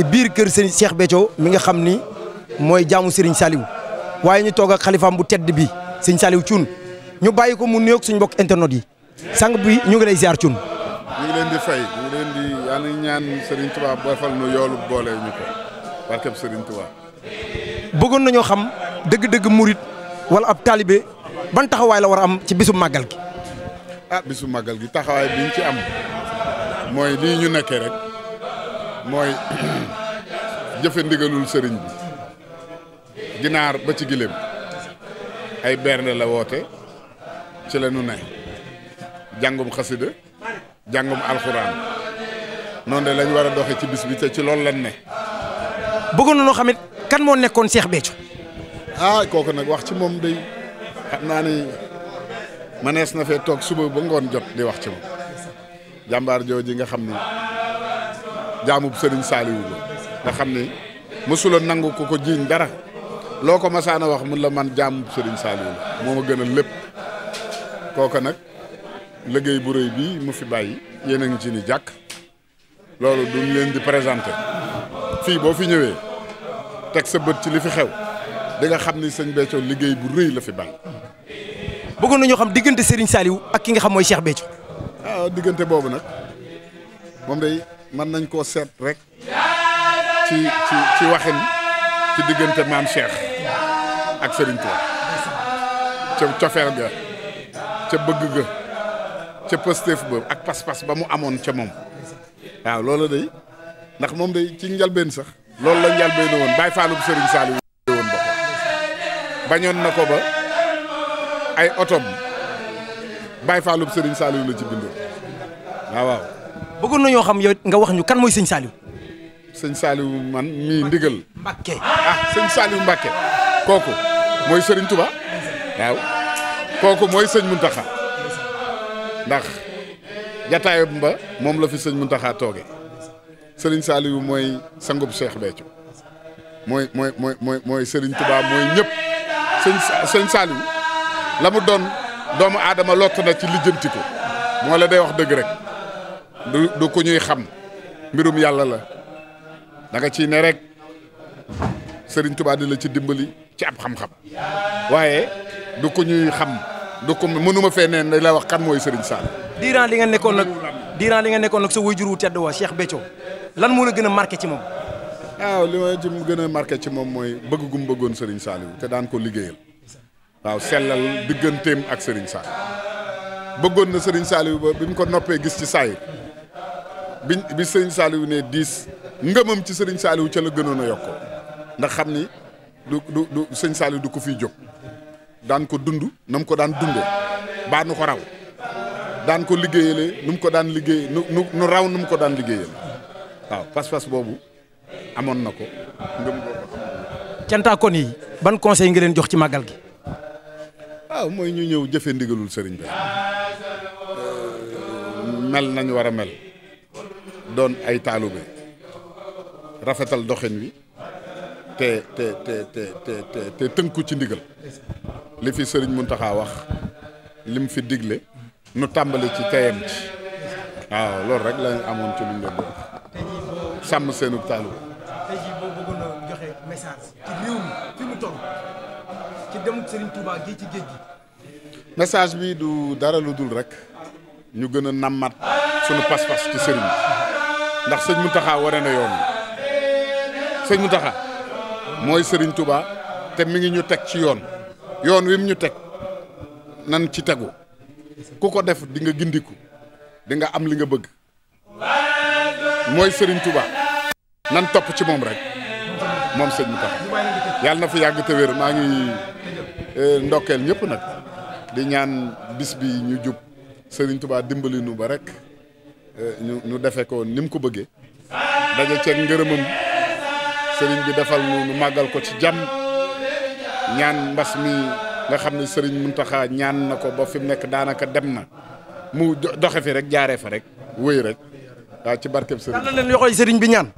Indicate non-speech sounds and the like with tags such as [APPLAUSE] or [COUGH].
ci biir kër Serigne Cheikh Béthio mi nga xam ni mooy jaamu Serigne Saliou waaye ñu toog ak xalifaam bu tedd bi sëñ saliw Thioune ñu bàyyi ko mu nuyoog suñu mbokk internet yi sang bi ñu ngi lay ziar Thioune. ñu leen di fay di ñaan Serigne Touba bofal yoolu boole ñu ko barkeb bëggoon nañoo xam dëgg-dëgg murit wala ab taalibe ban taxawaay la war a am ci bisu màggal gi. ah bisu màggal gi taxawaay bi ci am mooy lii ñu nekkee rek. mooy [CLEARS THROAT] jëfe ndigalul sëriñ bi ginaar ba ci giléem ay bernde la woote ci la nu ne jàngum xasida jàngum alxuraan noon de lañ war a doxe ci bis bi te ci loolu lañ ne bëggoon na noo xam it kan moo nekkoon Cheikh Béthio ah kooku nag wax ci moom day xam naa ni manees na fee toog suba ba ngoon jot di wax ci moom jàmbaar jooji nga xam ni bu sëriñ Saaliwu la nga xam ne mësula nangu ko ko jiiñ dara loo ko masaana wax mun la man jaamub sëriñ Saaliwu la moo ma gën a lépp kooka nag liggéey bu rëy bii mu fi bàyyi yéen a ngi ci ni jàkk loolu duñ leen di présenté fii boo fi ñëwee teg sa bët ci li fi xew di xam ni sëñ Béthio liggéey bu réy la fi bàyyi. bëggoon nañoo xam diggante Serigne Saliou ak ki nga xam mooy Cheikh Béthio. ah diggante boobu nag moom day mën nañ koo seet rek ci ci ci waxin ci diggante maam Cheikh ak Serigne Touba ca cofeel ga ca bëgg ga ca pësteef ba ak pas-pas ba mu amoon ca moom waaw loolu day ndax moom day ci njalbeen sax loolu la njalbeen woon Baay Faalub Serigne Saliou woon ba na ko ba ay otom Baay Faalub Serigne Saliou la ci bindoon waaw bëggoon nañoo xam yow nga wax ñu kan mooy sëñ Saliou. sëñ Saliou man mii ndigal. Mbacke ah sëñ Saliou Mbacke kooku mooy sëriñ tuba waaw kooku mooy sëñ Mountakha ndax jataayam ba moom la fi sëñ Mountakha tooge sëriñ Saliou mooy sangub Cheikh Béthio mooy mooy mooy mooy mooy ñëpp sëñ sëñ Saliou la mu doon doomu aadama lott na ci lijjanti ko moo la day wax dëgg rek. du du ku ñuy xam mbirum yàlla la da nga ciy ne rek Serigne Touba di la ci dimbali ci ab xam-xam waaye du ku ñuy xam du ko mënuma fee neen dañ la wax kan mooy sëriñ Sall. diiraan li nga nekkoon nag diiraan li nga nekkoon nag sa waajur wu tedd wa Cheikh Béthio lan moo la gën a marqué ci moom. waaw li ma ci gën a ci moom mooy bëgg gum bëggoon Serigne Saliou te daan ko liggéeyal waaw sellal digganteem ak sëriñ Sall bëggoon na Serigne Saliou ba bi mu ko noppee gis ci saay biñ bi sëriñ Saliou ne diis ngëmam ci sëriñ Saliou ca la gënoon a yokkoo ndax xam ni du du du sëriñ Saliou du ko fi jóg daan ko dund na mu ko daan dundee baa nu ko raw daan ko liggéeyalee nu mu ko daan liggéey nu nu raw nu mu ko daan liggéeyal waaw pas boobu amoon na ko ngëm boobu cantaakon yi ban conseil nga leen jox ci màggal gi waaw ah, mooy ñu ñëw jëfe ndigalul sëriñ bi euh, mel nañu war a mel doon ay taalibe rafetal doxin wi te tënku ci ndigal li fi sëriñ Muntaxa wax lim fi digle nu tàmbali ci teyam ci waaw loolu rek lañ amoon ci lu ñu doon sàmm seenub taalibe message bi du dara lu dul rek ñu gën a nammat sunu pas-pas ci sëriñ ndax sëñ mu taxa wane na yoon sëñ Mountakha mooy sëriñ Touba te mi ngi ñu teg ci yoon yoon wi mu ñu teg nan ci tegu ku ko def dinga gindiku di nga am li nga bëgg mooy sëriñ Touba nan topp ci moom rek moom sëñ Mountakha yàlla na fi yàgg te wér maa ngi eh, ndokkeel ñëpp nag di ñaan bis bi ñu jub sëriñ Touba dimbali nu ba rek. Euh, ñu ñu defee ko ni mu ko bëggee daje ceeg ngërëmam sëriñ bi defal nu nu màggal ko ci jàmm ñaan mbas mi nga xam ne sëriñ taxa ñaan na ko ba fi mu nekk daanaka dem na mu doxe fi rek jaaree fa rek wëy rek waaw ci barkeb sëriñ. bi ñaan.